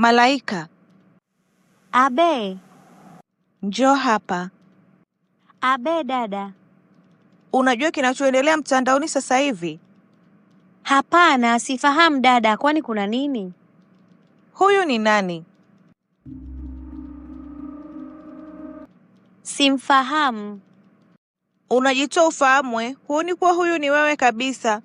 Malaika. Abe. Njoo hapa. Abe dada. Unajua kinachoendelea mtandaoni sasa hivi? Hapana, sifahamu dada, kwani kuna nini? Huyu ni nani? Simfahamu. Unajitoa ufahamwe, huoni kuwa huyu ni wewe kabisa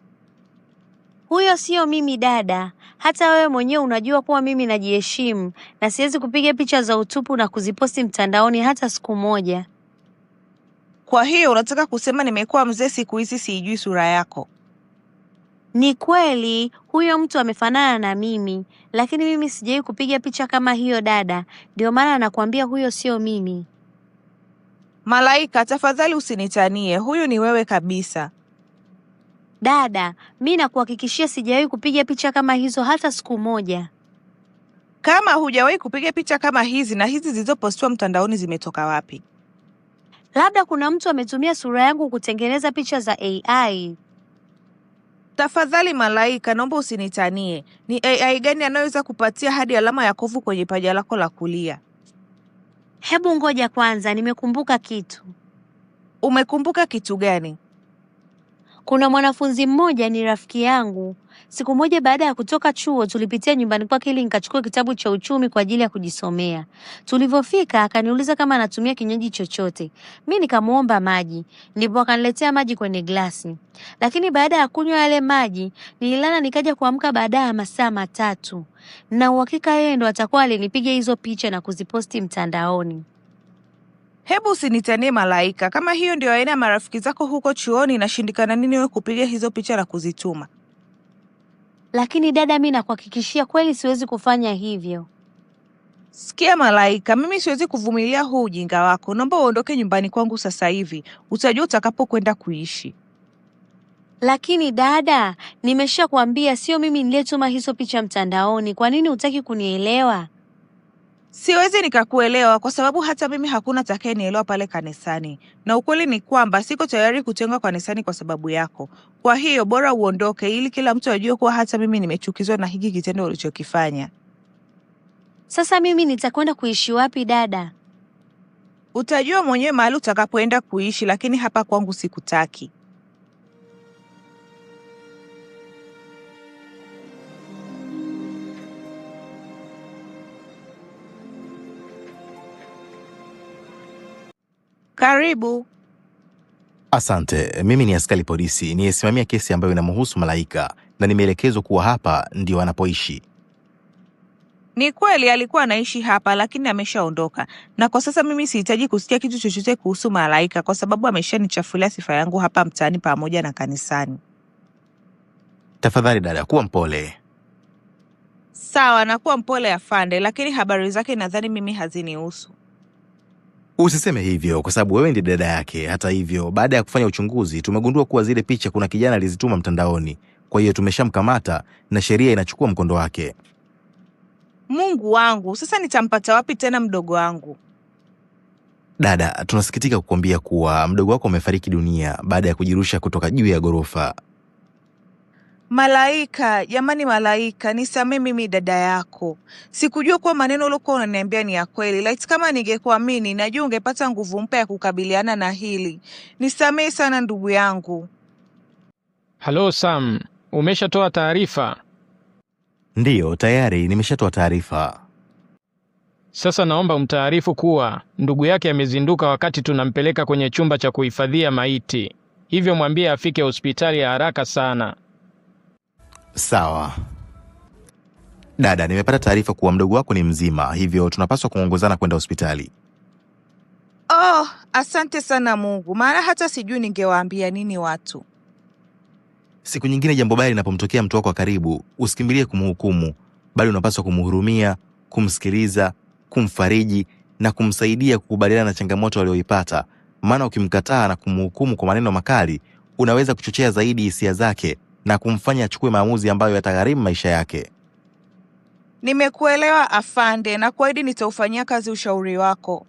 huyo sio mimi dada. Hata wewe mwenyewe unajua kuwa mimi najiheshimu na siwezi kupiga picha za utupu na kuziposti mtandaoni hata siku moja. Kwa hiyo unataka kusema nimekuwa mzee siku hizi siijui sura yako? Ni kweli huyo mtu amefanana na mimi, lakini mimi sijawahi kupiga picha kama hiyo dada. Ndio maana nakwambia huyo sio mimi. Malaika, tafadhali usinitanie, huyu ni wewe kabisa. Dada, mi nakuhakikishia sijawahi kupiga picha kama hizo hata siku moja. Kama hujawahi kupiga picha kama hizi, na hizi zilizopostiwa mtandaoni zimetoka wapi? Labda kuna mtu ametumia sura yangu kutengeneza picha za AI. Tafadhali Malaika, naomba usinitanie. Ni AI gani anayoweza kupatia hadi alama ya kovu kwenye paja lako la kulia? Hebu ngoja kwanza, nimekumbuka kitu. Umekumbuka kitu gani? Kuna mwanafunzi mmoja ni rafiki yangu. Siku moja baada ya kutoka chuo, tulipitia nyumbani kwake ili nikachukua kitabu cha uchumi kwa ajili ya kujisomea. Tulivyofika akaniuliza kama anatumia kinywaji chochote, mi nikamwomba maji, ndipo akaniletea maji kwenye glasi. Lakini baada ya kunywa yale maji nililala, nikaja kuamka baada ya masaa matatu, na uhakika yeye ndo atakuwa alinipiga hizo picha na kuziposti mtandaoni. Hebu usinitanie malaika. Kama hiyo ndio aina ya marafiki zako huko chuoni, inashindikana nini wewe kupiga hizo picha na kuzituma? Lakini dada, mi nakuhakikishia kweli, siwezi kufanya hivyo. Sikia malaika, mimi siwezi kuvumilia huu ujinga wako. Naomba uondoke nyumbani kwangu sasa hivi, utajua utakapokwenda kuishi. Lakini dada, nimeshakwambia sio mimi niliyetuma hizo picha mtandaoni. Kwa nini hutaki kunielewa? Siwezi nikakuelewa kwa sababu hata mimi hakuna atakayenielewa pale kanisani, na ukweli ni kwamba siko tayari kutengwa kanisani kwa sababu yako. Kwa hiyo bora uondoke, ili kila mtu ajue kuwa hata mimi nimechukizwa na hiki kitendo ulichokifanya. Sasa mimi nitakwenda kuishi wapi dada? Utajua mwenyewe mahali utakapoenda kuishi, lakini hapa kwangu sikutaki. Karibu. Asante. Mimi ni askari polisi niyesimamia kesi ambayo inamhusu Malaika na nimeelekezwa kuwa hapa ndio anapoishi. Ni kweli alikuwa anaishi hapa, lakini ameshaondoka, na kwa sasa mimi sihitaji kusikia kitu chochote kuhusu Malaika kwa sababu ameshanichafulia sifa yangu hapa mtaani pamoja na kanisani. Tafadhali dada, kuwa mpole. Sawa, nakuwa mpole afande, lakini habari zake nadhani mimi hazinihusu. Usiseme hivyo kwa sababu wewe ndi dada yake. Hata hivyo, baada ya kufanya uchunguzi, tumegundua kuwa zile picha kuna kijana alizituma mtandaoni, kwa hiyo tumeshamkamata na sheria inachukua mkondo wake. Mungu wangu, sasa nitampata wapi tena mdogo wangu? Dada, tunasikitika kukuambia kuwa mdogo wako amefariki dunia baada ya kujirusha kutoka juu ya ghorofa. Malaika jamani, Malaika nisamee, mimi dada yako, sikujua kuwa maneno uliokuwa unaniambia ni ya kweli. Laiti kama ningekuamini, najua ungepata nguvu mpya ya kukabiliana na hili. Nisamee sana ndugu yangu. Halo Sam, umeshatoa taarifa? Ndiyo, tayari nimeshatoa taarifa. Sasa naomba umtaarifu kuwa ndugu yake amezinduka wakati tunampeleka kwenye chumba cha kuhifadhia maiti, hivyo mwambie afike hospitali ya haraka sana. Sawa dada, nimepata taarifa kuwa mdogo wako ni mzima, hivyo tunapaswa kuongozana kwenda hospitali. Oh, asante sana Mungu, maana hata sijui ningewaambia nini watu. Siku nyingine jambo baya linapomtokea mtu wako wa karibu, usikimbilie kumhukumu, bali unapaswa kumhurumia, kumsikiliza, kumfariji na kumsaidia kukubaliana na changamoto aliyoipata, maana ukimkataa na kumhukumu kwa maneno makali, unaweza kuchochea zaidi hisia zake na kumfanya achukue maamuzi ambayo yatagharimu maisha yake. Nimekuelewa afande, na kuahidi nitaufanyia kazi ushauri wako.